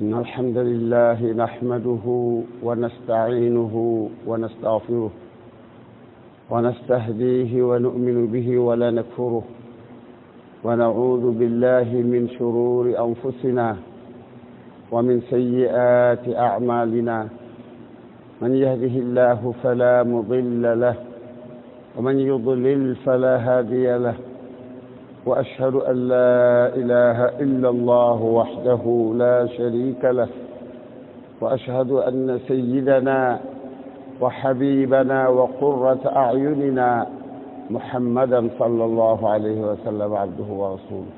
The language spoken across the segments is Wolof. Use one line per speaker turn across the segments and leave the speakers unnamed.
إن الحمد لله نحمده ونستعينه ونستغفره ونستهديه ونؤمن به ولا نكفره ونعوذ بالله من شرور أنفسنا ومن سيئات أعمالنا من يهده الله فلا مضل له ومن يضلل فلا هادي له وأشهد أن لا إله إلا الله وحده لا شريك له وأشهد أن سيدنا وحبيبنا وقرة أعيننا محمدا صلى الله عليه وسلم عبده ورسوله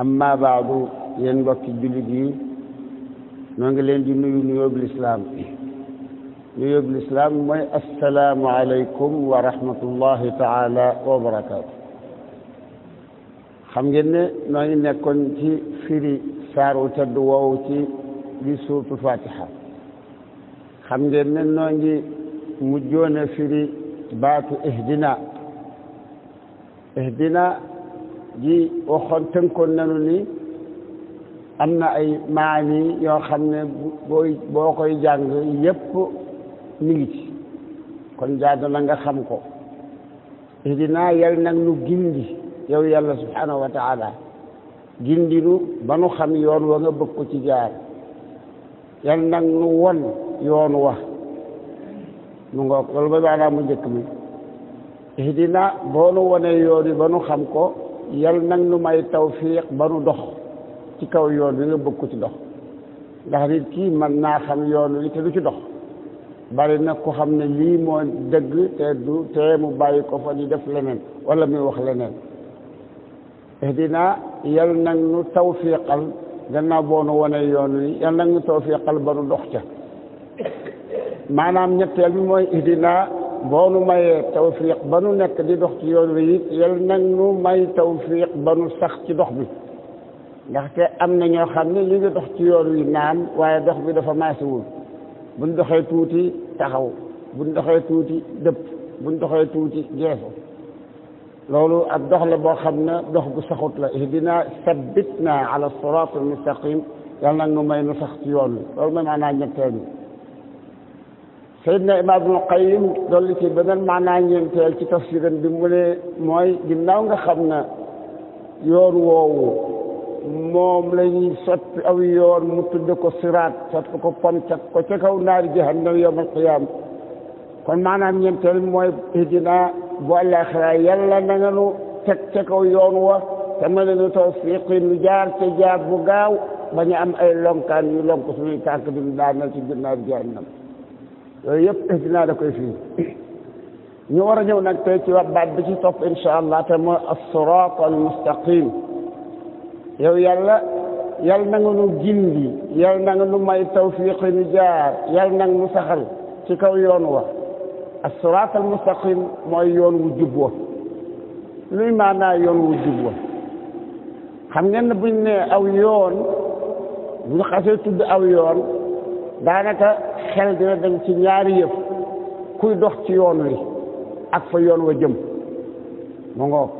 أما بعد ينبك الجلدي نغلين دي نيو نيو بالاسلام نيو بالاسلام السلام عليكم ورحمه الله تعالى وبركاته xam ngeen ne noo ngi nekkoon ci firi saar wu tedd woowu ci di suuratul fatiha xam ngeen ne noo ngi mujjoon firi baatu ihdina ihdina ji waxoon tënkoon nanu ni am na ay maani yoo xam ne booy boo koy jàng yépp mi ngi kon jaadu na nga xam ko ihdina yal nag nu gindi yow yàlla subhanahu wa taala gindinu ba nu xam yoon wa nga bëgg ko ci jaar yàlla nag nu won yoon wa nu ngoog loolu ba maanaam mu njëkk mi ihdina boo nu wonee yoon wi ba nu xam ko yàlla nag nu may tawfiq ba nu dox ci kaw yoon wi nga bëgg ko ci dox ndax nit kii mën naa xam yoon wi te du ci dox bari nag ku xam ne lii moo dëgg te du te mu bàyyi ko fa di def leneen wala muy wax leneen ihdina yal nag nu tawfiqal gannaaw boo nu wonee yoon wi yal nag nu tawfiqal ba nu dox ca maanaam ñetteel bi mooy ihdina boo nu mayee tawfiq ba nu nekk di dox ci yoon wi it yal nag nu may tawfiq ba nu sax ci dox bi ndaxte am na ñoo xam ne li ngi dox ci yoon wi naan waaye dox bi dafa maasiwul buñ doxee tuuti taxaw buñ doxee tuuti dëpp buñ doxee tuuti geesu loolu ak dox la boo xam ne dox gu saxut la ihdina sabbitna ala sirat al mustaqim yàlla nag nu may nu sax ci yoon wi loolu mooy maanaa ñetteel bi Seydina Imaam Ibnul Qayyim dolli ci beneen maanaa ci tafsiram bi mu mooy ginnaaw nga xam na yoon woowu moom la ñuy soppi aw yoon mu tudd ko siraat soppi ko pon cag ko ca kaw naari jahannam yawmal qiyaama kon maanaam ñeenteel mooy ihdina bu àllaaxira yàlla na nga nu teg ca kaw yoon wa te ma ne nu tawfiq nu jaar ca jaar bu gaaw ba ñu am ay lonkaan yu lonk suñuy tànk bi ñu daanal ci ginnaaw jahannam yooyu yëpp dinaa da koy fii ñu war a ñëw nag tey baat bi ci topp insha allah te mooy as-siraat al-mustaqim yow yàlla yàlla na nga nu gindi yàlla na nu may tawfiq nu jaar yàlla na nu saxal ci kaw yoon wa assiraat almustaqim mooy yoon wu jub wa luy maanaa yoon wu jub wa xam ngeen ne buñ ne aw yoon buñ xasee tudd aw yoon daanaka xel dina dem ci ñaar yëf kuy dox ci yoon wi ak fa yoon wa jëm mu ngoog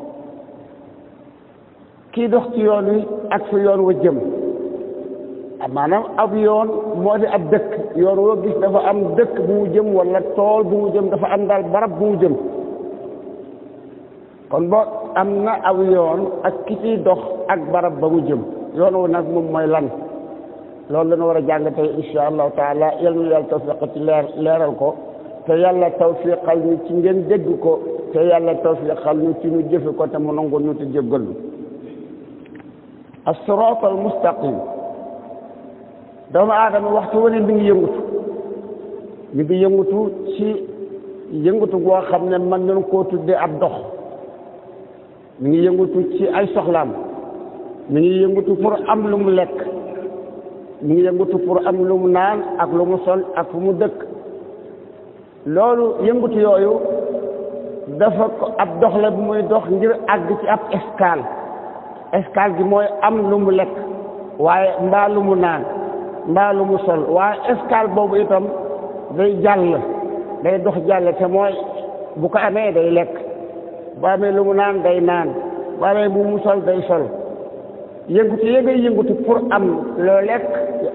kii dox ci yoon wi ak fa yoon wa jëm maanaam ab yoon moo di ab dëkk yoon woo gis dafa am dëkk bu mu jëm wala tool bu mu jëm dafa am daal barab bu mu jëm kon boo am na aw yoon ak ki ciy dox ak barab ba mu jëm yoon wu nag moom mooy lan loolu la war a jàng tey insha allahu taala yal na yàlla tawfiqa ci ko te yàlla tawfiqal ñu ci ngeen dégg ko te yàlla tawfiqal ñu ci ñu jëfe ko te mu nangu ñu te jéggal ñu as-siraatal mustaqim doomu aadama waxtu wane mi ngi yëngutu mi ngi yëngutu ci yëngutu goo xam ne mën nañu koo tuddee ab dox mi ngi yëngutu ci ay soxlaam mu ngi yëngutu pour am lu mu lekk mu ngi yëngutu pour am lu mu naan ak lu mu sol ak fu mu dëkk loolu yëngutu yooyu dafa ko ab dox la bu muy dox ngir àgg ci ab escale escale gi mooy am lu mu lekk waaye mbaa lu mu naan mbaa lu mu sol waaye escale boobu itam day jàll day dox jàll te mooy bu ko amee day lekk bu amee lu mu naan day naan bu amee bu mu sol day sol yëngutu ya ngay yëngutu pour am loo lekk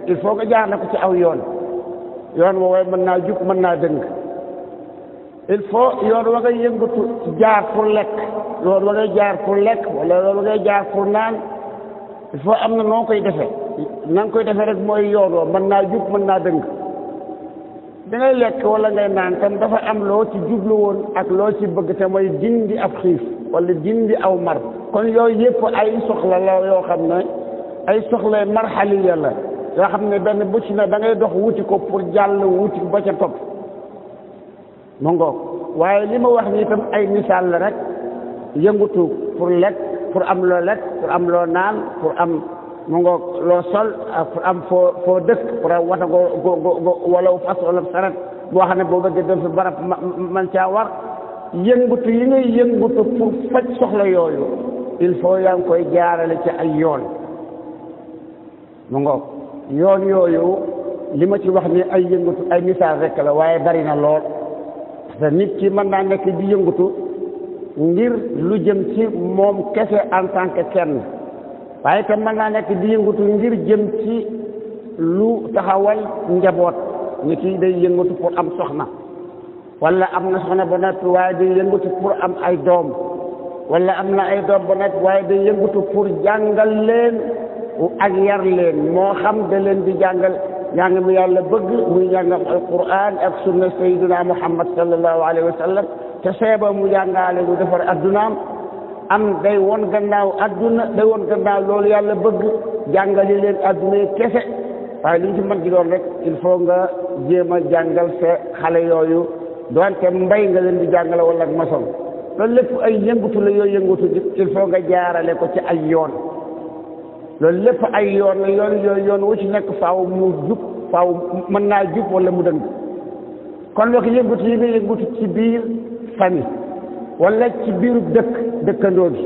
il faut nga jaar na ko ci aw yoon yoon woowee mën naa jub mën naa dëng il faut yoon wa ngay yëngatu jaar pour lekk yoon wa ngay jaar pour lekk wala yoon wa ngay jaar pour naan il faut am na noo koy defee na nga koy defee rek mooy yoon mën naa jub mën naa dëng da ngay lekk wala ngay naan tam dafa am loo ci jublu woon ak loo ci bëgg te mooy dindi ab xiif wala dindi aw mar kon yooyu yëpp ay soxla la yoo xam ne ay soxla marxaliya la yoo xam ne benn bu ci ne da dox wuti ko pour jàll wuti ba ca topp mu waaye li ma wax ni itam ay misaal la rek yëngutu pour lekk pour am loo lekk pour am loo naan pour am mu ngoog loo sol am foo foo dëkk wala wata go go boo xam ne boo bëggee dem fi barab man caa war yëngutu yi ngay yëngutu pour faj soxla yooyu il faut yaa ngi koy jaarale ci ay yoon mu ngoog yoon yooyu li ma ci wax ni ay yëngutu ay misaal rek la waaye bari na lool te nit ki mën naa nekk di yëngutu ngir lu jëm ci moom kese en tant que kenn waaye itam mën naa nekk di yëngatu ngir jëm ci lu taxawal njaboot ni kii day yëngatu pour am soxna wala am na soxna ba noppi waaye day yëngatu pour am ay doom wala am na ay doom ba noppi waaye day yëngatu pour jàngal leen ak yar leen moo xam da leen di jàngal njàng mi yàlla bëgg muy njàngam alquran ak sunna sayyidina muhammad sallallahu alayhi wa sallam te seeba mu jàngaale ñu defar addunaam am day won gannaaw adduna day won gannaaw loolu yàlla bëgg jàngale leen adduna yi kese waaye li ñu ci mën di doon rek il faut nga jéem a jàngal sa xale yooyu doonte mbay nga leen di jàngale wala ak maçon loolu lépp ay yëngatu la yooyu yëngatu il faut nga jaarale ko ci ay yoon loolu lépp ay yoon la yoon yooyu yoon wu ci nekk faaw mu jub faaw mën naa jub wala mu dëng kon look yëngatu yi nga yëngatu ci biir famille wala ci biiru dëkk dëkkandoo bi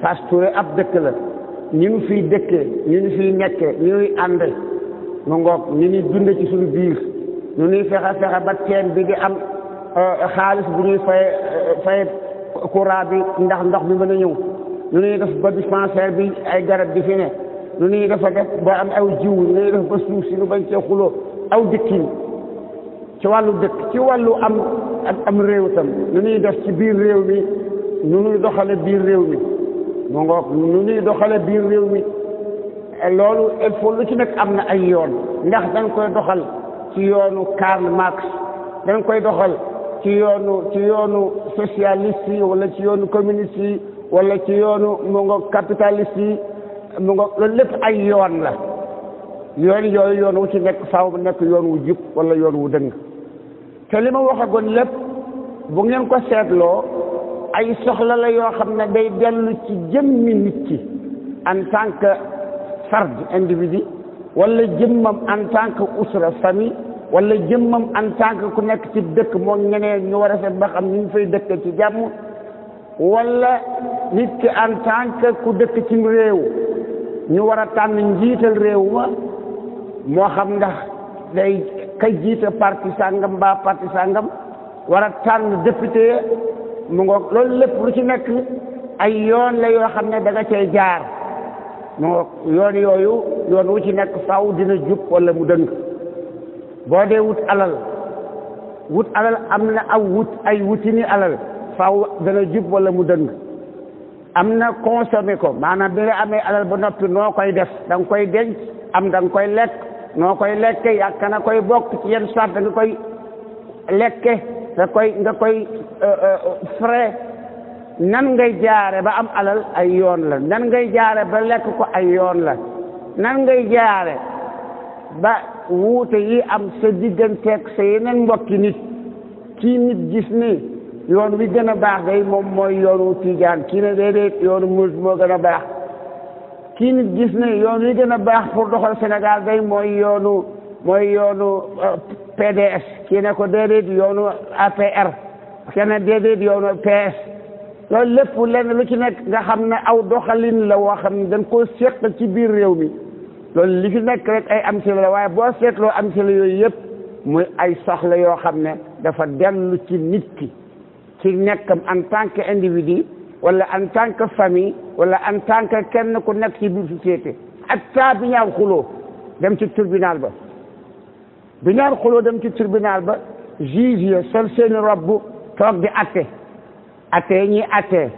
Fass Touré ab dëkk la ñu ngi fiy dëkkee ñu ngi fiy nekkee ñu ngi ngoog ñu ngi dund ci suñu biir ñu ngi fexe fexe ba teen bi di am euh, xaalis bu ñuy fay euh, fay courant bi ndax ndox mi mën a ñëw ñu ngi def ba bi ay garab di fi ne ñu ngi def ba am aw jiw ñu ngi def ba suuf si ñu bañ cee xuloo aw dëkk yi ci wàllu dëkk ci wàllu am. ak am réew tam nu ñuy def ci biir réew mi nu ñuy doxale biir réew mi mu ngoog doxale biir réew mi loolu il lu ci nekk am na ay yoon ndax dañ koy doxal ci yoonu Karl Marx dañ koy doxal ci yoonu ci yoonu socialiste yi ci yoonu communiste yi wala ci yoonu moo ngoog capitaliste yi mu ngoog loolu lépp ay yoon la yoon yooyu yoon wu ci nekk faaw mu nekk yoon wu jub wala yoon wu dëng te li ma waxagoon lépp bu ngeen ko seetloo ay soxla la yoo xam ne day dellu ci jëmmi nit ki en tànk que fard individu wala jëmmam en tant usra famille wala jëmmam en tant que ku nekk ci dëkk moom ñeneen ñu war a seet ba xam ñu fay dëkk ci jàmm walla nit ki en tant ku dëkk ci réew ñu war a tànn njiital réew ma moo xam ndax day kay jiite parti sàngam mbaa parti sàngam war a tànn député mu ngoog loolu lépp lu ci nekk ay yoon la yoo xam ne da nga jaar mu yoon yooyu yoon wu ci nekk faw dina jub walla mu dëng boo dee wut alal wut alal am na aw wut ay wutini alal faw dana jub wala mu dëng am na consommé ko maanaam bi nga amee alal ba noppi noo koy def da koy denc am da koy lekk noo koy lekke yàq kana koy bokk ci yan nga koy lekke nga koy nga koy euh, euh, frais nan ngay jaare ba am alal ay yoon la nan ngay jaare ba lekk ko ay yoon la nan ngay jaare ba wuute yi am sa digganteeg sa yeneen mbokki nit kii nit gis ni yoon wi gën a baax day moom mooy yoonu tijaan kii ne déedéet yoonu murit moo gën a baax kii nit gis ne yoon wi gën a baax pour doxal Sénégal day mooy yoonu mooy yoonu euh, PDS kii ne ko déedéet yoonu APR kenn déedéet yoonu PS loolu lépp lenn lu ci nekk nga xam ne aw doxalin la woo xam ne dañ ko seq ci biir réew mi loolu li fi ay am waaye boo seetloo am solo yooyu yëpp muy ay soxla yoo xam ne dafa dellu ci nit ki ci nekkam en tant que wala en tant que famille wala en tant que kenn ku nekk ci biir société hatta bi ñaar xuloo dem ci tribunal ba bi ñaar xuloo dem ci tribunal ba juge ya sol seeni robb toog di atte atte ñi atte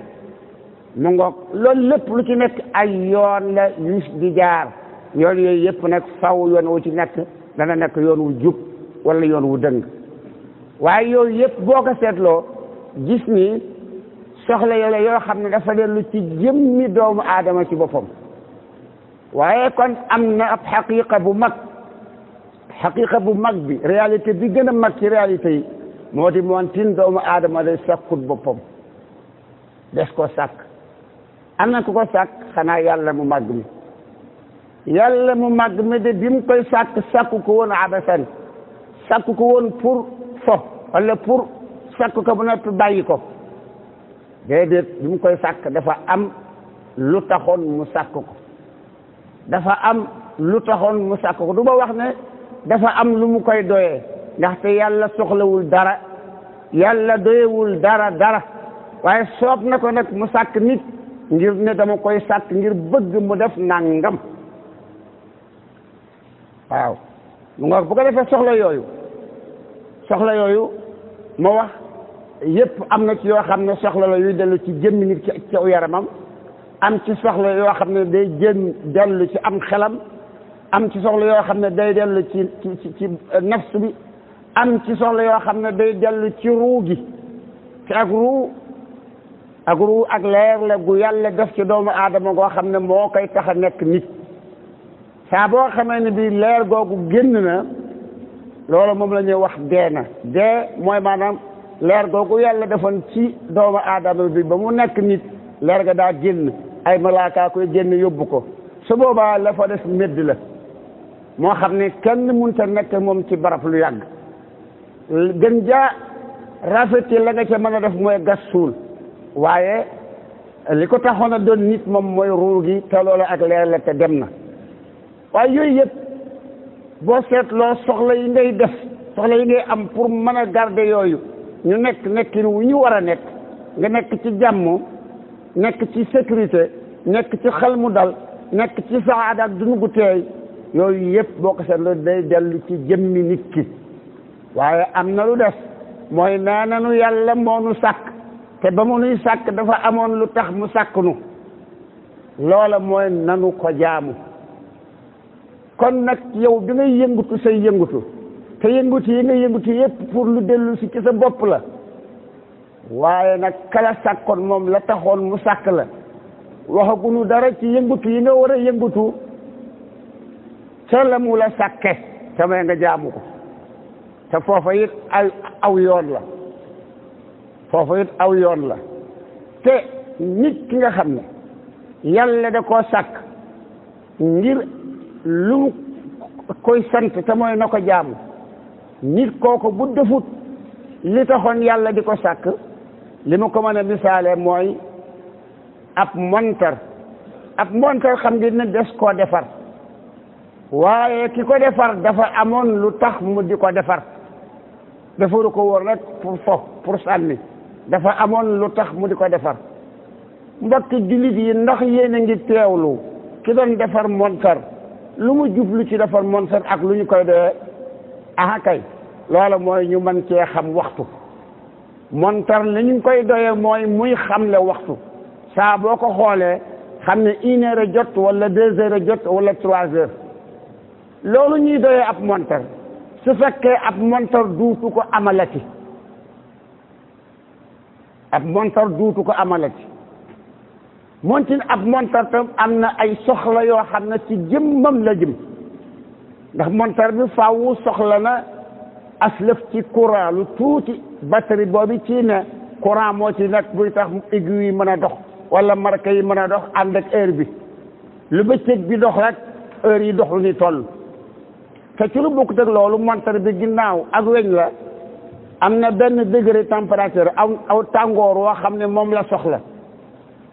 mu ngoog loolu lépp lu ci nekk ay yoon la yu di jaar yoon yooyu yëpp nag faw yoon wu ci nekk dana nekk yoon wu jub wala yoon wu dëng waaye yooyu yëpp boo ko seetloo gis ni soxla yoola yoo xam ne dafa dellu ci jëmmi doomu aadama ci boppam waaye kon am na ab xaqiqa bu mag xaqiqa bu mag bi réalité bi gën a mag ci réalité moo di moontin doomu aadama day sàkkut boppam des ko sàkk am na ku ko sàkk xanaa yàlla mu màgg mi yàlla mu màgg mi de bi sàkku ko woon abasan sàkku ko woon pour fo wala pour ko bu noppi bàyyi ko déedéet bi mu koy sàkk dafa am lu taxoon mu sàkk ko dafa am lu taxoon mu sàkk ko du ma wax ne dafa am lu mu koy doyee ndaxte yàlla soxlawul dara yàlla doyewul dara dara waaye soob na ko nag mu sàkk nit ngir ne dama koy sàkk ngir bëgg mu def nangam waaw mu nga bu ko defee soxla yooyu soxla yooyu ma wax yépp am na ci yoo xam ne soxla la yuy dellu ci jëmmi nit ci caw yaramam am ci soxla yoo xam ne day jëm dellu ci am xelam am ci soxla yoo xam ne day dellu ci ci ci nafs bi ci soxla yoo xam ne day dellu ci ruu gi te ak ruu ak ruu ak leer la gu yàlla def ci doomu aadama goo xam ne moo koy tax a nekk nit saa boo xamee ne bi leer googu génn na loolu moom la wax dee na dee mooy maanaam leer googu yàlla defoon ci doomu aadama bi ba mu nekk nit leer ga daa génn ay malaakaa koy génn yóbbu ko su boobaa la fa des médd la moo xam ne kenn sa nekk moom ci barab lu yàgg gën jaa rafet yi la nga ca mën a def mooy gas suul waaye li ko taxoon a doon nit moom mooy ruu gi te loolu ak leer la te dem na waaye yooyu yëpp boo seetloo soxla yi ngay def soxla yi ngay am pour mën a garder yooyu ñu nekk nekkin wu ñu war a nekk nga nekk ci jàmm nekk ci sécurité nekk ci xel mu dal nekk ci saada ak dund gu teey yooyu yëpp boo ko seetloo day dellu ci jëmmi nit ki waaye am na lu des mooy nee nanu yàlla moo nu sàkk te ba mu nuy sàkk dafa amoon lu tax mu sàkk loola mooy nanu ko jaamu kon nag yow bi ngay yëngutu say yëngutu te yëngutu yi nga yëngutu yépp pour lu dellu si ci bopp la waaye nag kala sàkkoon moom la taxoon mu sàkk la waxaguñu dara ci yëngutu yi nga war a yëngutu ca la mu la sàkke te may nga jaamu ko te foofa it aw yoon la foofa it aw yoon la te nit ki nga xam ne yàlla da koo sàkk ngir lu koy sant te mooy na ko jaamu nit kooku bu defut li taxoon yàlla di ko sàkk li ma ko mën a misaale mooy ab montar ab montar xam nga ne des koo defar waaye ki ko defar dafa amoon lu tax mu di ko defar defaru ko woon rek pour fo pour sànni dafa amoon lu tax mu di ko defar mbokki jullit yi ndax yéen a ngi teewlu ki doon defar montar lu mu jublu ci defar montar ak lu ñu koy doyee aha loola mooy ñu mën cee xam waxtu montar li koy doye mooy muy xamle waxtu saa boo ko xoolee xam ne une jot wala deux jot wala trois heures loolu ñuy doyee ab montar su fekkee ab montar duutu ko amalati ab montar duutu ko amalati montin ab montar tam am na ay soxla yoo xam ne ci jëmmam la jëm ndax montar bi faawu soxla na aslëf ci courant lu tuuti batterie boobu ci ne courant moo ci nekk buy tax aiguille yi mën a dox wala marque yi mën a dox ànd ak heure bi lu bëccëg bi dox rek heure yi dox lu ni toll te ci lu bokkut ak loolu montar bi ginnaaw ak weñ la am na benn degré température aw aw tàngoor woo xam ne moom la soxla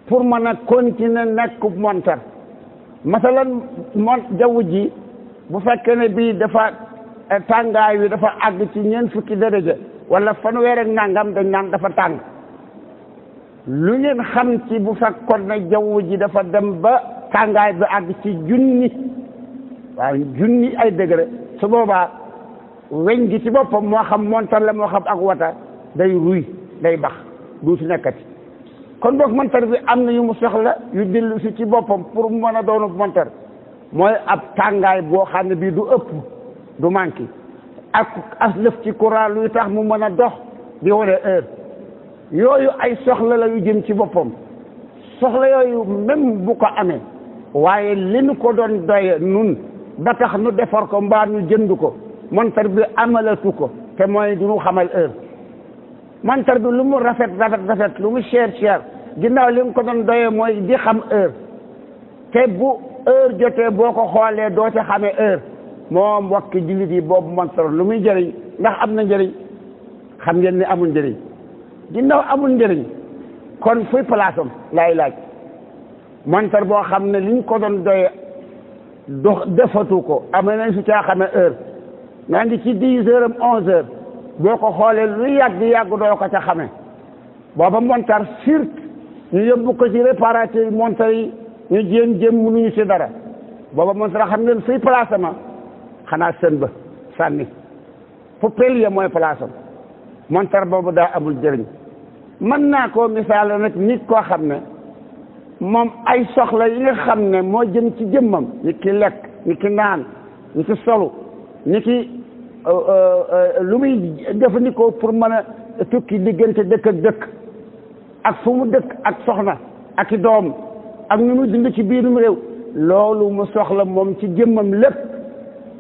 pour mën a continuer nekk montar masalan mon jaww ji bu fekkee ne bii dafa tàngaay wi dafa àgg ci ñeent fukki daraja wala fanweer ak nangam dañ naan dafa tàng lu ngeen xam ci bu fekkoon ne jaww ji dafa dem ba tàngaay bi àgg ci junni waaw junni ay degré su boobaa weñ gi ci boppam moo xam montar la moo xam ak wata day ruy day bax du fi nekkati kon boog montar bi am na yu mu soxla yu dellu si ci boppam pour mu mën a doonu montar mooy ab tàngaay boo xam bii du ëpp du manqué ak aslëf ci courant luy tax mu mën a dox di wane heure yooyu ay soxla la yu jëm ci boppam soxla yooyu même bu ko amee waaye li nu ko doon doye nun ba tax nu defar ko mbaa nu jënd ko montar bi amalatu ko te mooy du ñu xamal heure montar bi lu mu rafet rafet rafet lu mu cher cher ginnaaw li nga ko doon doyee mooy di xam heure te bu heure jotee boo ko xoolee doo ci xamee heure moom wakki jullit yi boobu montar lu muy njëriñ ndax am na njëriñ xam ngeen ni amul njëriñ ginnaaw amul njëriñ kon fuy place am laaj montar boo xam ne liñ ko doon doye dox defatu ko amee nañ su caa xamee heure naa ngi ci dix heures onze heures boo ko xoolee lu yàgg yàgg doo ko ca xamee booba montar sirt ñu yóbbu ko ci réparateur montar yi ñu jéem jéem mënuñu si dara booba montar xam ngeen fuy place xanaa sën ba sànni poubelle ya mooy place am montar boobu daa amul jëriñ mën naa koo misaale nag nit koo xam ne moom ay soxla yi nga xam ne moo jëm ci jëmmam ni ki lekk ni ki naan ni ki solu ni ki euh, euh, euh, lu muy jëfandikoo pour mën a tukki diggante dëkk ak dëkk ak fu mu dëkk ak soxna ak i doom ak nu mu dund ci biirum réew loolu mu soxla moom ci jëmmam lépp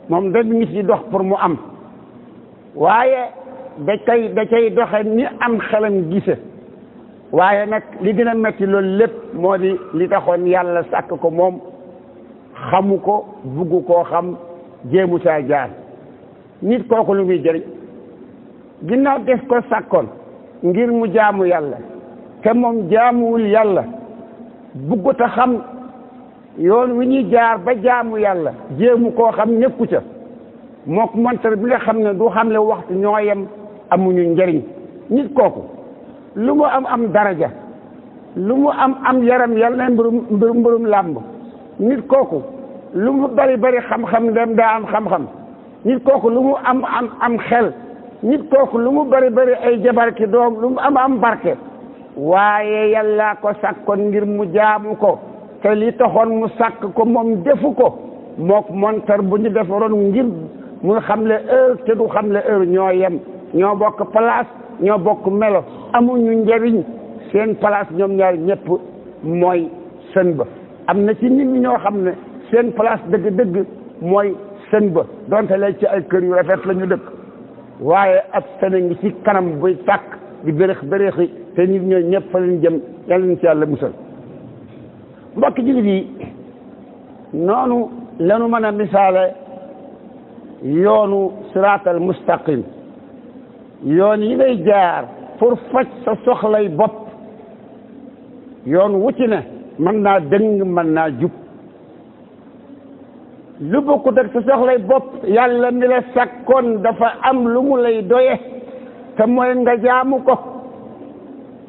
moom mu ngi di dox pour mu am waaye da cay da cay doxe ni am xelam gise waaye nag li gën a metti loolu lépp moo di li taxoon yàlla sàkk ko moom xamu ko bugg koo xam jéemu saa jaar nit kooku lu muy jëriñ ginnaaw def ko sàkkoon ngir mu jaamu yàlla te moom jaamuwul yàlla buggut a xam yoon wi ñuy jaar ba jaamu yàlla jéemu koo xam nekku ca mook montar bi nga xam ne du xam ne waxtu ñoo yem amuñu njariñ nit kooku lu mu am am daraja lu mu am am yaram yàlla mbirum mbirum mbirum làmb nit kooku lu mu bari bari xam-xam dem daa am xam-xam nit kooku lu mu am am am xel nit kooku lu mu bari bari ay jabar ki doom lu mu am am barke waaye yàlla ko sakkoon ngir mu jaamu ko te li taxoon mu sàkk ko moom defu ko mook montar bu ñu def defaroon ngir muy xamle heure te du xamle heure ñoo yem ñoo bokk place ñoo bokk melo amuñu njariñ seen place ñoom ñaar ñëpp mooy sën ba am na ci nit ñi ñoo xam ne seen place dëgg-dëgg mooy sën ba donte lay ci ay kër yu rafet lañu ñu dëkk waaye ab sën ngi ci kanam buy tàkk di bërëx bërëxi te nit ñooy ñëpp fa leen jëm yàlla nañ ci yàlla musal mbokki jullit yi noonu lanu mën a misaale yoonu siraatal mustaqim yoon yi ngay jaar pour faj bopp yoon wucci ne mën naa dëng mën naa jub lu bokkut ak bopp yàlla mi la sàkkoon dafa am lu mu lay doye te mooy nga jaamu ko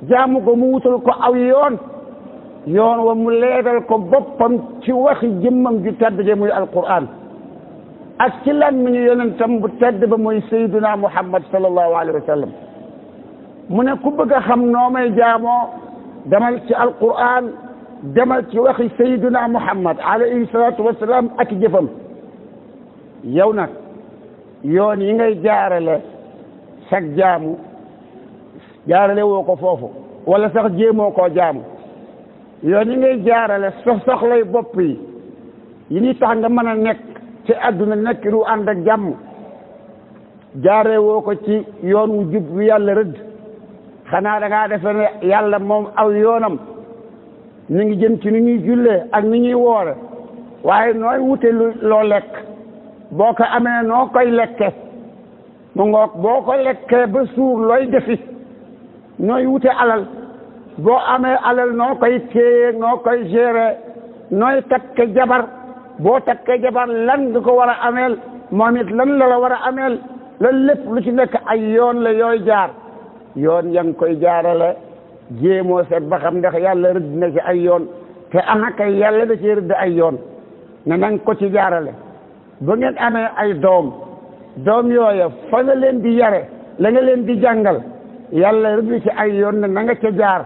jaamu ko mu wutal ko aw yoon يون ومليدل كو بوبام تي واخ جيمم جي تاد جي موي القران اك تي لان مي يونتام بو تاد با موي سيدنا محمد صلى الله عليه وسلم من كو بغا خم نوماي جامو دمال تي القران دمال تي واخ سيدنا محمد عليه الصلاه والسلام اك جيفم يونا يون يغي جارله سك جامو جارله وكو فوفو ولا سخ جيمو كو جامو yoon yi ngay jaarale sa soxlay bopp yi yi ñuy tax nga mën a nekk ci àdduna nekk lu ànd ak jàmm jaarewoo ko ci yoon wu jub wi yàlla rëdd xanaa da ngaa defe ne yàlla moom aw yoonam ñu ngi jëm ci ni ñuy jullee ak ni ñuy woore waaye nooy wute lu loo lekk boo ko amee noo koy lekke mu ngoog boo ko lekkee ba suur looy defi nooy wute alal boo amee alal noo koy téye noo koy gérer nooy takk jabar boo takkee jabar lan nga ko war a ameel moom it lan la la war a ameel loolu lépp lu ci nekk ay yoon la yooy jaar yoon yaa ngi koy jaarale jéemoo seet ba xam ndax yàlla rëdd na ci ay yoon te ana yàlla la ci rëdd ay yoon ne nang ko ci jaarale ba ngeen amee ay doom doom yooya fa nga leen di yare la nga leen di jàngal yàlla rëdd ci ay yoon ne na nga ca jaar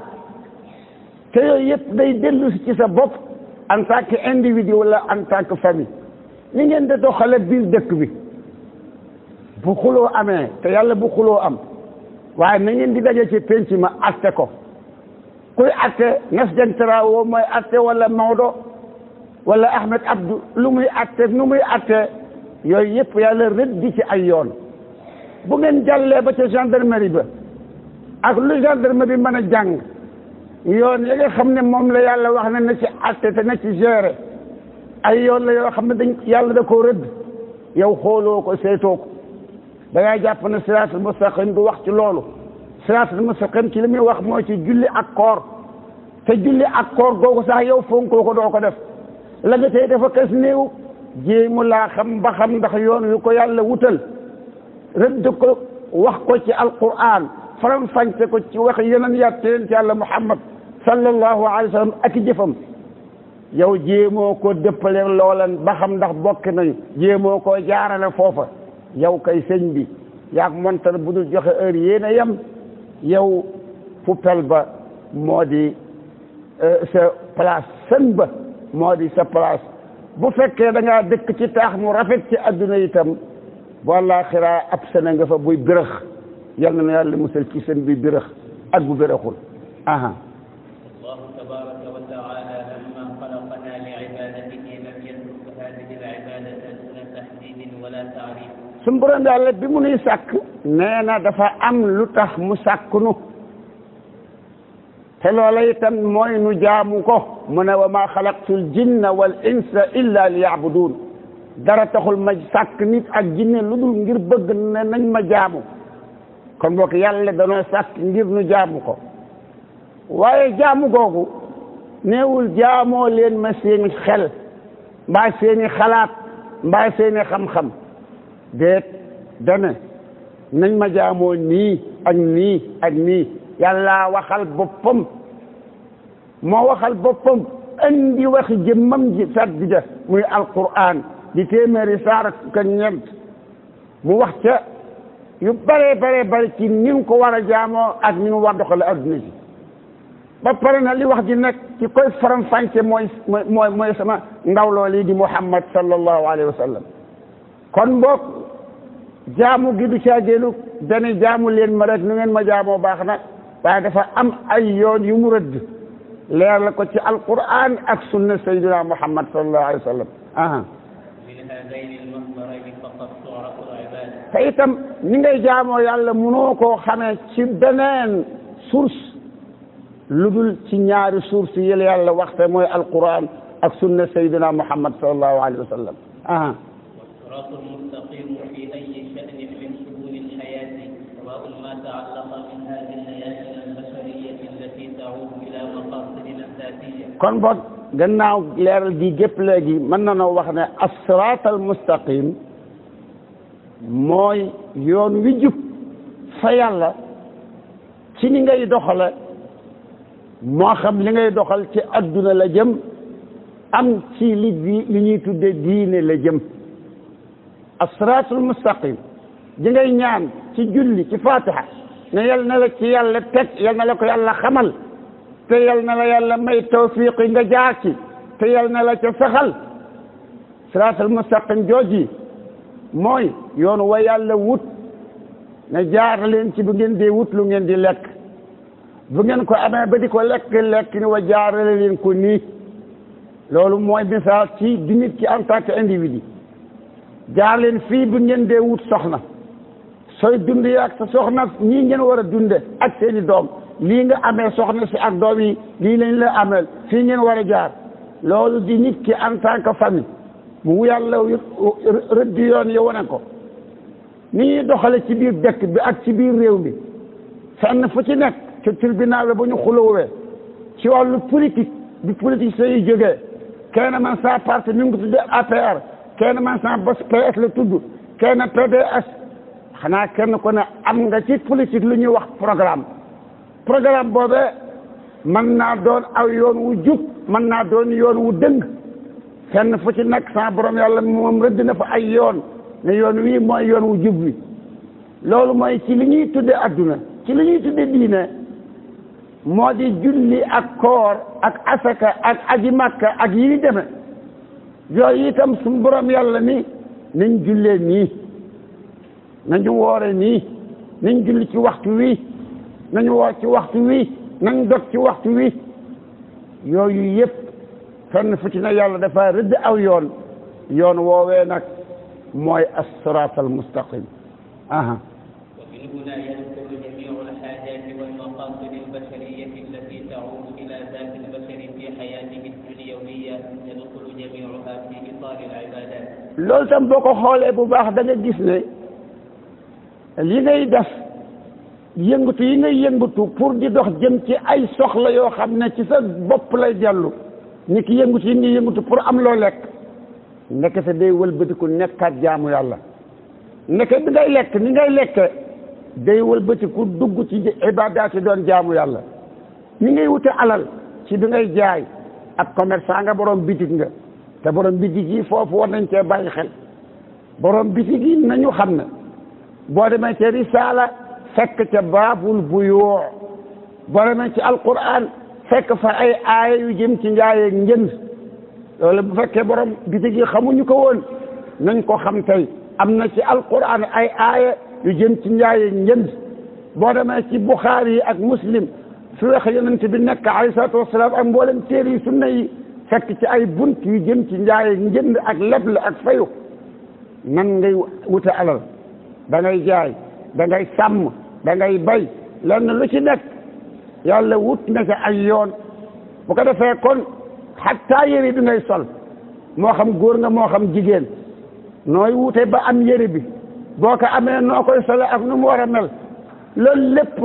te yooyu yëpp day dellu ci sa bopp en tant que individu wala en tant que famille ni ngeen de doxale biir dëkk bi bu xuloo amee te yàlla bu xuloo am waaye na ngeen di daje ci penc ma atte ko kuy atte nas jantara woo mooy atte wala Maodo wala Ahmed Abdou lu muy atte nu muy atte yooyu yëpp yàlla rëdd ci ay yoon bu ngeen jàllee ba ca gendarmerie ba ak lu gendarmerie mën a jàng yoon ya nga xam ne moom la yàlla wax ne na ci atte te na ci gérer ay yoon la yoo xam ne dañ yàlla da koo rëdd yow xooloo ko seetoo ko da ngay jàpp ne siraatul mustaqim du wax ci loolu siraatul mustaqim ci li muy wax mooy ci julli ak koor te julli ak koor googu sax yow fonkoo ko doo ko def la nga tey dafa kës néew jéemu laa xam ba xam ndax yoon wi ko yàlla wutal rëdd ko wax ko ci alquran faram fànce ko ci wax yeneen yàtteen ci yàlla muhammad sallallahu alayhi wa sallam ak i jëfam yow jéemoo ko dëppale loolan ba xam ndax bokk nañu jéemoo ko jaarale foofa yow kay sëñ bi yaag montar bu dul joxe heure yéen yam yem yow poubelle ba moo di euh, sa place sën ba moo di sa place bu fekkee da dëkk ci taax mu rafet ci adduna itam walla xiraa ab sene nga fa buy bërëx yal na yàlla musal ci sën bi bërëx ak bu bërëxul aha suñu borom yàlla bi mu nuy sàkk nee na dafa am lu tax mu sàkk nu te loola itam mooy nu jaamu ko mu ne wa maa xalaqtul jinna wal insa illa li yaabuduun dara taxul ma sàkk nit ak jinne lu dul ngir bëgg ne nañ ma jaamu kon boog yàlla danoo sàkk ngir nu jaamu ko waaye jaamu googu néewul jaamoo leen ma seeni xel mbaa seeni xalaat mbaa seeni xam-xam ديت دنا نان ما جامو ني اك ني اك ني يالا وخال بوبم مو وخال بوبم اندي وخ جمم جي فات دي ده موي القران دي تيمري سار كنيم مو وخت يو بري بري بري كي نين كو ورا جامو اك نين ورا دخل ادني ba pare na li wax ji nak ci koy faram fanké moy moy moy sama ndaw lolé di muhammad sallallahu alaihi wasallam kon mbok jaamu gi du caa génnu dañuy jaamu leen ma rek nu ngeen ma jaamoo baax na waaye dafa am ay yoon yu mu rëdd leer la ko ci alquran ak sunna sayyidina muhammad sallallahu alayhi wa sallam te itam ni ngay jaamoo yàlla mënoo koo xamee ci beneen source lu dul ci ñaari source yi la yàlla waxte mooy alquran ak sunna sayyidina muhammad sallallahu alayhi wa sallam kon boog gannaaw leeral gi gépp léegi mën na noo wax ne asiraatal mustaqim mooy yoon wi jub sa yàlla ci ni ngay doxale moo xam li ngay doxal ci adduna la jëm am ci li li ñuy tudde diine la jëm asiraatul mustaqim di ngay ñaan ci julli ci fatiha ne yal na la ci yàlla teg yal na la ko yàlla xamal te yal na la yàlla may tawfiq nga jaar ci te na la ca saxal siraatal mustaqim jooji mooy yoon wa yàlla wut ne jaar leen ci bu ngeen dee wut lu ngeen di lekk bu ngeen ko amee ba di ko lekk lekk ni wa jaarale leen ko nii loolu mooy misaal ci di nit ki en tant que jaar leen fii bu ngeen dee wut soxna sooy dund yaag sa soxna ñii ngeen war a dunde ak seeni doom lii nga amee soxna si ak doom yi lii lañ la ameel fii ngeen war a jaar loolu di nit ki en tant que famille mu yàlla rëdd yoon yi wane ko ni ñuy doxale ci biir dëkk bi ak ci biir réew mi fenn fu ci nekk ci tribunal bi bu ñu xulowee ci wàllu politique bi politique sa yi jógee kenn man sa parti mi ngi ko tuddee APR kenn man sa bos PS la tudd kenn PDS xanaa kenn ko ne am nga ci politique lu ñuy wax programme programme boobee mën naa doon aw yoon wu jub mën naa doon yoon wu dëng kenn fu ci nekk sa borom yàlla moom rëdd na fa ay yoon ne yoon wii mooy yoon wu jub wi loolu mooy ci li ñuy tudde adduna ci li ñuy tudde diine moo di julli ak koor ak asaka ak aji makka ak yi ni deme yooyu itam suñu boroom yàlla ni nañ jullee nii nañu woore nii nañ julli ci waxtu wii nañ woor ci waxtu wi nañ dog ci waxtu wi yooyu yëpp fenn fu ci ne yàlla dafa rëdd aw yoon yoon woowee nag mooy as-siraat al-mustaqim aha
ومنها يذكر جميع الحاجات والمقاصد البشرية التي تعود إلى ذات البشر في حياته الدنيوية يدخل جميعها في إطار العبادات.
لو تم بوكو خولي بو باخ دا nga gis ne li ngay def yëngatu yi ngay yëngatu pour di dox jëm ci ay soxla yoo xam ne ci sa bopp lay dellu nit ki yëngatu yi ngay yëngatu pour am loo lekk nekk sa day wëlbatiku nekkaat jaamu yàlla nekk bi ngay lekk ni ngay lekk day wëlbatiku dugg ci ibaadaat yi doon jaamu yàlla ni ngay wute alal ci bi ngay jaay ab commerçant nga borom bitig nga te borom bitig yi foofu war nañ cee bàyyi xel borom bitig yi nañu xam ne boo demee ci risaala فك باب البيوع بارنا في القران فك فا اي اي يجيم تي نجاي نجن لول بو فك بروم بيتيجي خمو نيكو وون نانكو خم تاي امنا في القران اي اي يجيم تي نجاي نجن بارنا في بخاري اك مسلم في وخ يونت بي نك عليه الصلاه والسلام ام بولم تيري سنه فك تي اي بونت يجيم تي نجاي نجن اك لبل اك فيو نان غي ووتو علال da ngay jaay da ngay sàmm da ngay bay lenn lu ci nekk yàlla wut na ca ay yoon bu ko defee kon xatta yére bi ngay sol moo xam góor nga moo xam jigéen nooy wute ba am yére bi boo ko amee noo koy sole ak nu mu war a mel loolu lépp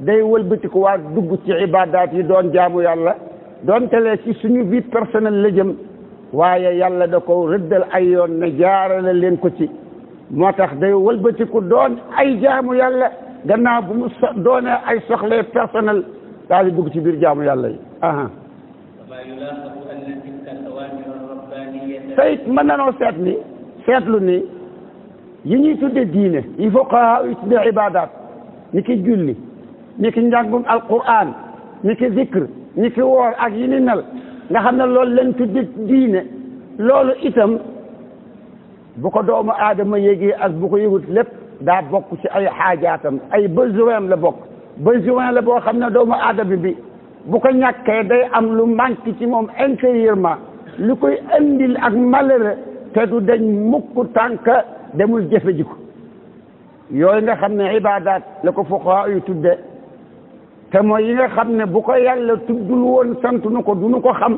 day wëlbatikuwaat dugg ci ibaadaat yi doon jaamu yàlla doon telee ci suñu vie personnelle la jëm waaye yàlla da ko rëddal ay yoon ne jaarale leen ko ci moo tax day wëlbatiku doon ay jaamu yàlla gannaaw bu mu doonee ay soxla personnel daal di dugg ci biir jaamu yàlla yi aha tayit mën nanoo seet ni seetlu ni yi ñuy tudde diine yi fuqaha yi tudde ibadat ni ki julli ni ki njàngum alquran ni ki zikr ni ki woor ak yi ni nel nga xam ne lool leen tudde diine loolu itam bu ko doomu aadama yéegee ak bu ko yëgut lépp daa bokk ci ay xaajaatam ay besoin la bokk besoin la boo xam ne doomu aadama bi bu ko ñàkkee day am lu manque ci moom intérieurement lu koy andil ak malheureux te du dañ mukk tànk demul jëfe ji ko yooyu nga xam ne ibaadaat la ko fuqahaa yu tudde te mooy yi nga xam ne bu ko yàlla tuddul woon sant nu ko duñu ko xam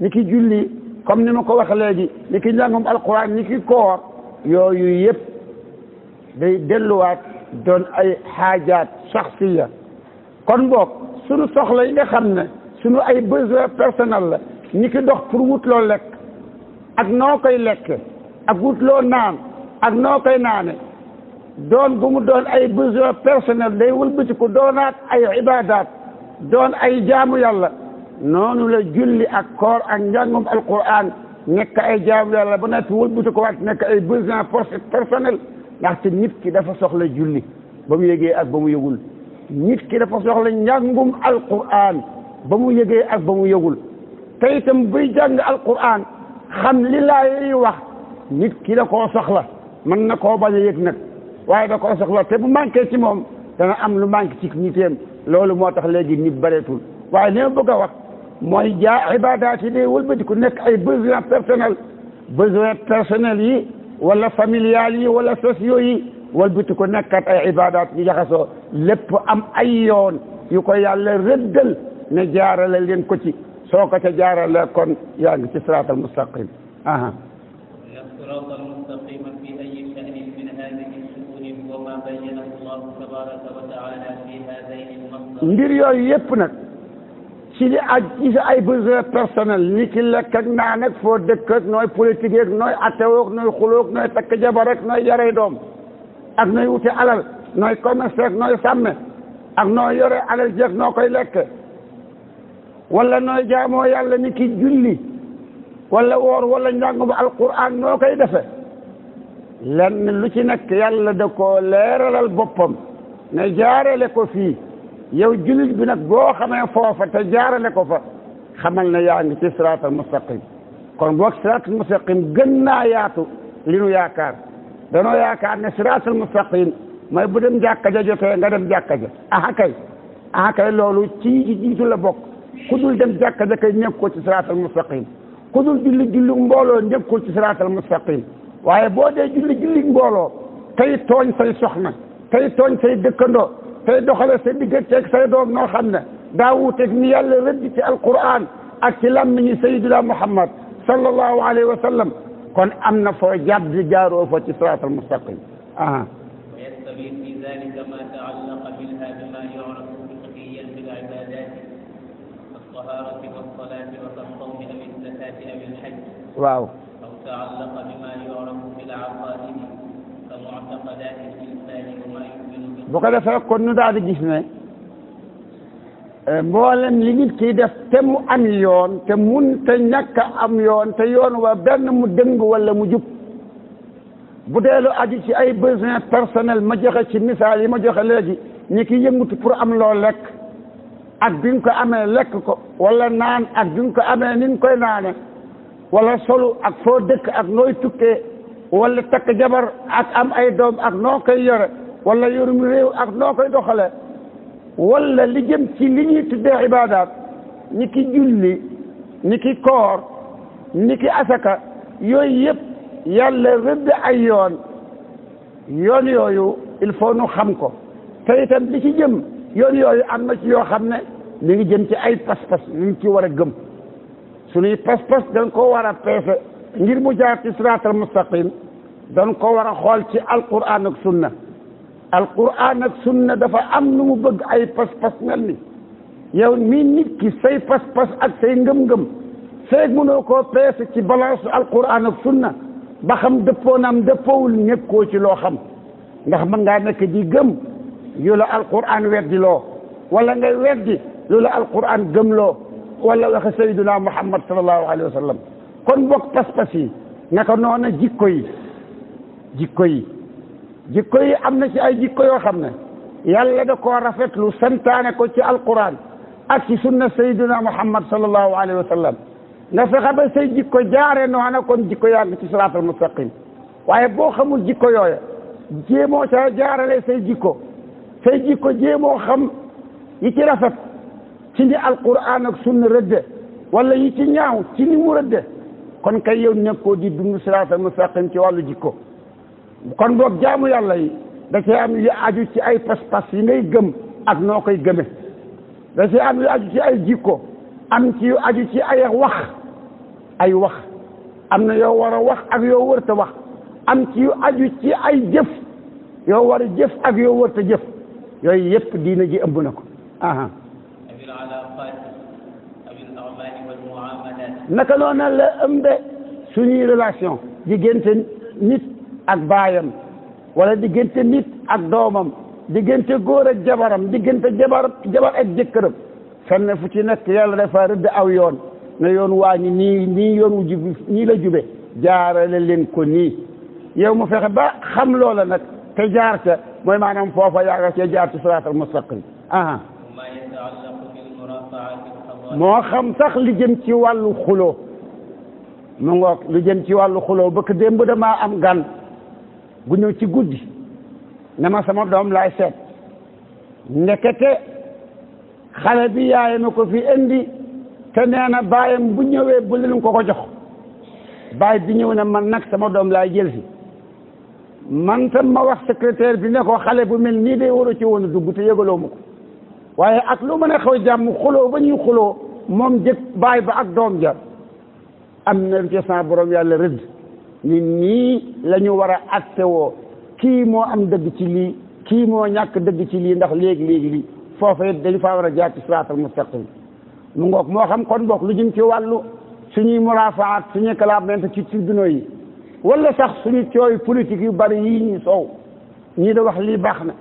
ni ki julli comme ni ma ko wax léegi ni ki njàngum alquran ni ki koor yooyu yëpp day delluwaat doon ay xaajaat saxsiya kon boog sunu soxla yi nga xam ne sunu ay besoin personnel la ñi ki dox pour wut loo lekk ak noo koy lekk ak wut loo naan ak noo koy naane doon bu mu doon ay besoin personnel day wul wëlbatiku doonaat ay ibaadaat doon ay jaamu yàlla noonu la julli ak koor ak njàngum alquran nekk ay jaamu yàlla ba nawet ko waat nekk ay besoin personnel ndaxte nit ki dafa soxla julli ba mu yëgee ak ba mu yëgul nit ki dafa soxla njàngum alquran ba mu yëgee ak ba mu yëgul te itam buy jàng alquran xam li laaya yi wax nit ki da koo soxla mën na ko bañ a nag waaye da koo soxla te bu manqué ci moom dana am lu manqué ci niteem loolu moo tax léegi nit bareetul waaye li ma bëgg a wax mooy jaa ibaadaat yi day wëlbati ku nekk ay besoin personnel besoin personnel yi wala familial yi wala sociaux yi walbati ko nekkat ay ibadat yu jaxasoo lépp am ay yoon yu ko yàlla rëddal ne jaarale leen ko ci soo ko ca jaarale kon yaa ngi ci siraat almustaqim aha
صراط المستقيم في أي شأن من هذه الشؤون وما بينه الله تبارك وتعالى في هذين المصدر.
ندير يا يبنك سيدي اجيس اي بزر بيرسونال نيكي لك معناك فور دكت نوي بوليتيك نوي اتوك نوي خلوك نوي تك جبرك نوي يري دوم اك نوي وتي علل نوي كومسيك نوي سام اك نوي يري علل جيك نو كاي لك ولا نوي جامو يالا نيكي جولي ولا وور ولا نجانو بالقران نو كاي دفا لن لوشي نك يالا دكو ليرال بوبم نجاري لكو فيه yow julit bi nag boo xamee foofa te jaarale ko fa xamal na yaa ngi ci al mustaqim kon boog al mustaqim gën naa yaatu li nu yaakaar danoo yaakaar ne sirat al mustaqim mooy bu dem jàkka ja jotee nga dem jàkka ja aha kay aha kay loolu ci ci jiitu la bokk ku dul dem jàkka ja kay ñëpp ko ci al mustaqim ku dul julli julli mbooloo ñëpp ko ci al mustaqim waaye boo dee julli julli mbooloo tey tooñ say soxna tey tooñ say dëkkandoo فدخل سيدي كيك سيدو نو خنا داو تجني القران اكلم من سيدنا محمد صلى الله عليه وسلم كن امن فو جاب جارو فو صراط المستقيم اها
ويستبين في ذلك ما تعلق منها بما يعرف فقهيا بالعبادات كالطهارة والصلاة وكالصوم أم الزكاة واو أو تعلق بما يعرف بالعقائد كمعتقدات الإنسان وما
bu ko defee kon nu daal di gis ne e, mboolem li nit def te mu am yoon te mun te ñàkk am yoon te yoon wa benn mu dëng walla mu jub bu dee lu aju ci ay besoin personnel ma joxe ci misaal yi ma joxe léegi ñi ki yëngutu pour am loo lekk ak bi nga ko amee lekk ko walla naan ak bi nga ko amee ni koy naane walla solu ak foo dëkk ak nooy tukkee wala takk jabar ak am ay doom ak noo koy yore wala yorum réew ak noo koy doxale wala li jëm ci li ñuy tuddee ibaadaat ni ki julli ni ki koor ni ki asaka yooyu yëpp yàlla rëdd ay yoon yoon yooyu il faut nu xam ko te itam li ci jëm yoon yooyu am na ci yoo xam ne mi ngi jëm ci ay pas-pas ñu ci war a gëm suñuy pas-pas dañ ko war a peese ngir mu jaar ci siraatal mustaqim dañ ko war a xool ci alquran ak sunna alquran ak sunna dafa am nu mu bëgg ay pas-pas mel ni yow mii nit ki say pas-pas ak say ngëm-ngëm seeg mënoo koo peese ci balance alquran ak sunna ba xam dëppoo naam dëppoowul koo ci loo xam ndax mën ngaa nekk di gëm yu la alquran weddi loo wala ngay weddi yu la alquran gëm loo wala waxe sayduna muhammad sallallahu alayhi wa sallam kon bokk pas-pas yi naka noona jikko yi jikko yi jikko yi am na ci ay jikko yoo xam ne yàlla da koo rafetlu santaane ko ci alquran ak ci sunna sayyidina muhammad sallallahu alayhi wa sallam nga fexe ba say jikko jaare noona kon jikko yaa ci siraatal mustaqim waaye boo xamul jikko yooya jéemoo ca jaarale say jikko say jikko jéemoo xam yi ci rafet ci ni alquran ak sunna rëdde wala yi ci ñaaw ci ni mu rëdde kon kay yow nekkoo di dund siraatal mustaqim ci wàllu jikko kon boog jaamu yàlla yi da cee am yu aju ci ay pas-pas yi ngay gëm ak noo koy gëme da cee am yu aju ci ay jikko am ci aju ci ay wax ay wax am na yoo war a wax ak yoo wërta wax am ci aju ci ay jëf yoo war a jëf ak yoo wërta jëf yooyu yëpp diina ji ëmb na ko aha naka noonu la ëmbe suñuy relation diggante nit ak baayam wala diggante nit ak doomam diggante góor ak jabaram diggante jabar jabar ak jëkkëram fenn fu ci nekk yàlla dafa rëdd aw yoon yoon waa ngi nii yoon wu jub la jube jaarale leen ko ni yow mu fexe ba xam loola nag te jaar ca mooy maanaam foofa yaa nga cee jaar ci mustaqim moo xam sax li jëm ci wàllu xuloo mu ngoog lu jëm ci wàllu xuloo bëkk démb damaa am gan bu ñëw ci guddi ne ma sama doom laay seet ndekete xale bi yaay ma ko fi indi te nee na baayam bu ñëwee bu ko ko jox baay bi ñëw na man nag sama doom laay jël si man tam ma wax secrétaire bi ne ko xale bu mel nii day war ci woon a dugg te yëgaloo ma ko waaye ak loo mën a xew jàmm xuloo ba ñuy xuloo moom jëkk baay ba ak doom jar am na lu borom yàlla rëdd ni nii lañu war a atte woo kii moo am dëgg ci lii kii moo ñàkk dëgg ci lii ndax léegi léeg lii foofa it dañu faa war a jaar ci siraatal mustaqim mu ngoog moo xam kon boog lu jëm ci wàllu suñuy muraafaat suñuy kalaamante ci tribunaux yi wala sax suñu cooy politique yu bari yii ñu soow ñii da wax lii baax na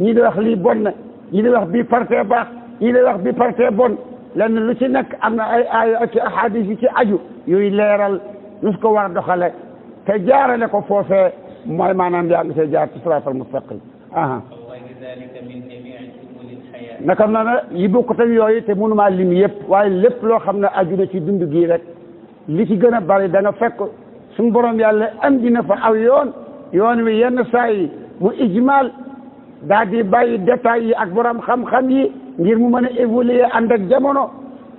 ñii da wax lii bon na ñii da wax bii parti baax ñii da wax bii parti bon lenn lu ci nekk am na ay aaya ak ahadis yu ci aju yuy leeral nu ko war a doxale تجار لك فوفة ما ما نام جاك تجار تصرف المستقل آه نكمل نا يبو كتب يوي تمون ما لم يب واي لب لو خمنا أجل تيدن بغيرك لتي جنا باري دنا فك سنبرم يالله أم دينا فأويون يوان وين ساي مو إجمال دادي باي دتاي أكبرام خم خمي غير مو من إيفولي عندك جمونو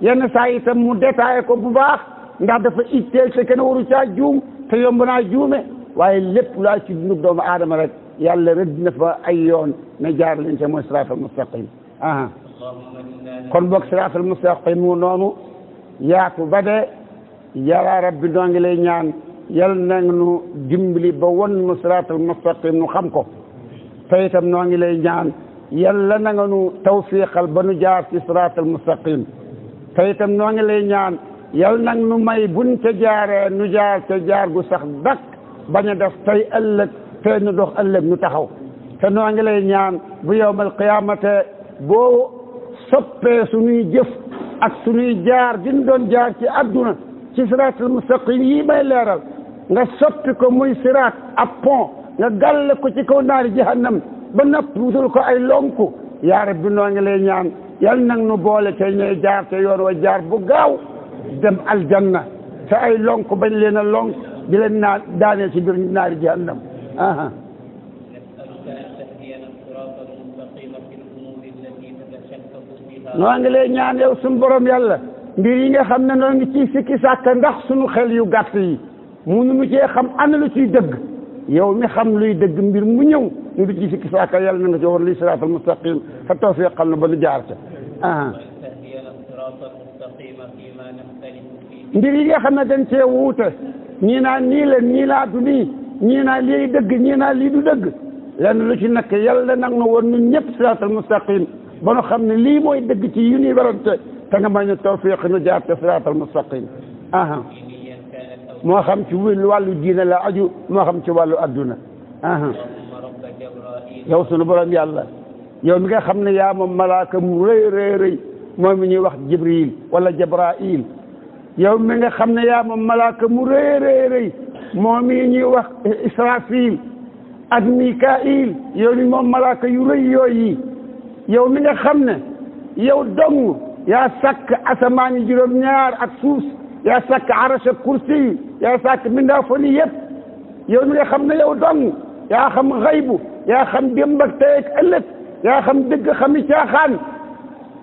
ين ساي تمو دتاي كوبو باخ nga dafa itel ci kene waru ca djum te yomb naa juume waaye lépp laa ci dundub doomu aadama rek yàlla rëdd na fa ay yoon ne jaar leen ca mooy siraatal mustaqim aha kon boog siraatal mustaqim mu noonu yaatu ba de yàlla rabbi noo ngi lay ñaan yal na nu dimbali ba won nu siraatal mustaqim nu xam ko te itam noo ngi lay ñaan yàlla na nga nu tawfiqal ba nu jaar ci siraatal mustaqim te itam noo yal nag nu may buñ ca jaaree nu jaar ca jaar gu sax dak bañ a def tey ëllëg te nu dox ëllëg nu taxaw te noo ngi lay ñaan bu yowmal qiyaamate boo soppee suñuy jëf ak suñuy jaar diñ doon jaar ci adduna ci siraatal mustaqim yi may leeral nga soppi ko muy siraat ab pont nga gàll ko ci kaw naari jahannam ba napp wutul ko ay lonku yaa rabbi noo ngi lay ñaan yal nag nu boole ca ñooy jaar ca yoon wa jaar bu gaaw dem aljanna te ay lonk ba leen a lonk di leen naa daanee ci biir naari jahannam aha
noo ngi lay ñaan
yow suñu borom yàlla mbir yi nga xam ne noo ngi ciy sikki sàkk ndax suñu xel yu gàtt yi mënuñu cee xam ana lu ciy dëgg yow mi xam luy dëgg mbir mu ñëw ñu di ci sikki sàkk yàlla na nga ci war li siraatal mustaqim sa tawfiqal na ba nu jaar ca mbir yi nga xam ne dañ cee wuute ñii naa nii la ñii laa du nii ñii naa lii dëgg ñii naa lii du dëgg lenn lu ci nekk yàlla nag nu woon ñun ñëpp siraatal mustaqim ba nu xam ne lii mooy dëgg ci yu ñuy werante te nga may ñu tawfiq nu jaar te siraatal mustaqim moo xam ci wàllu diine la aju moo xam ci wàllu adduna aha yow sunu borom yàlla yow mi nga xam ne yaa moom malaaka mu rëy rëy moom mi ñuy wax jibril wala jabrail yow mi nga xam ne yaa ma malaaka mu rëy rëy rëy moom mi ñuy wax israfil ak mikail yow ni moom malaaka yu rëy yooyu yow mi nga xam ne yow dong yaa sàkk asamaan yi juróom ñaar ak suuf yaa sàkk arasha kursi yi yaa sàkk mindaa ni yëpp yow mi nga xam ne yow dong yaa xam xaybu yaa xam démb ak tey ak ëllëg yaa xam dëgg xami caaxaan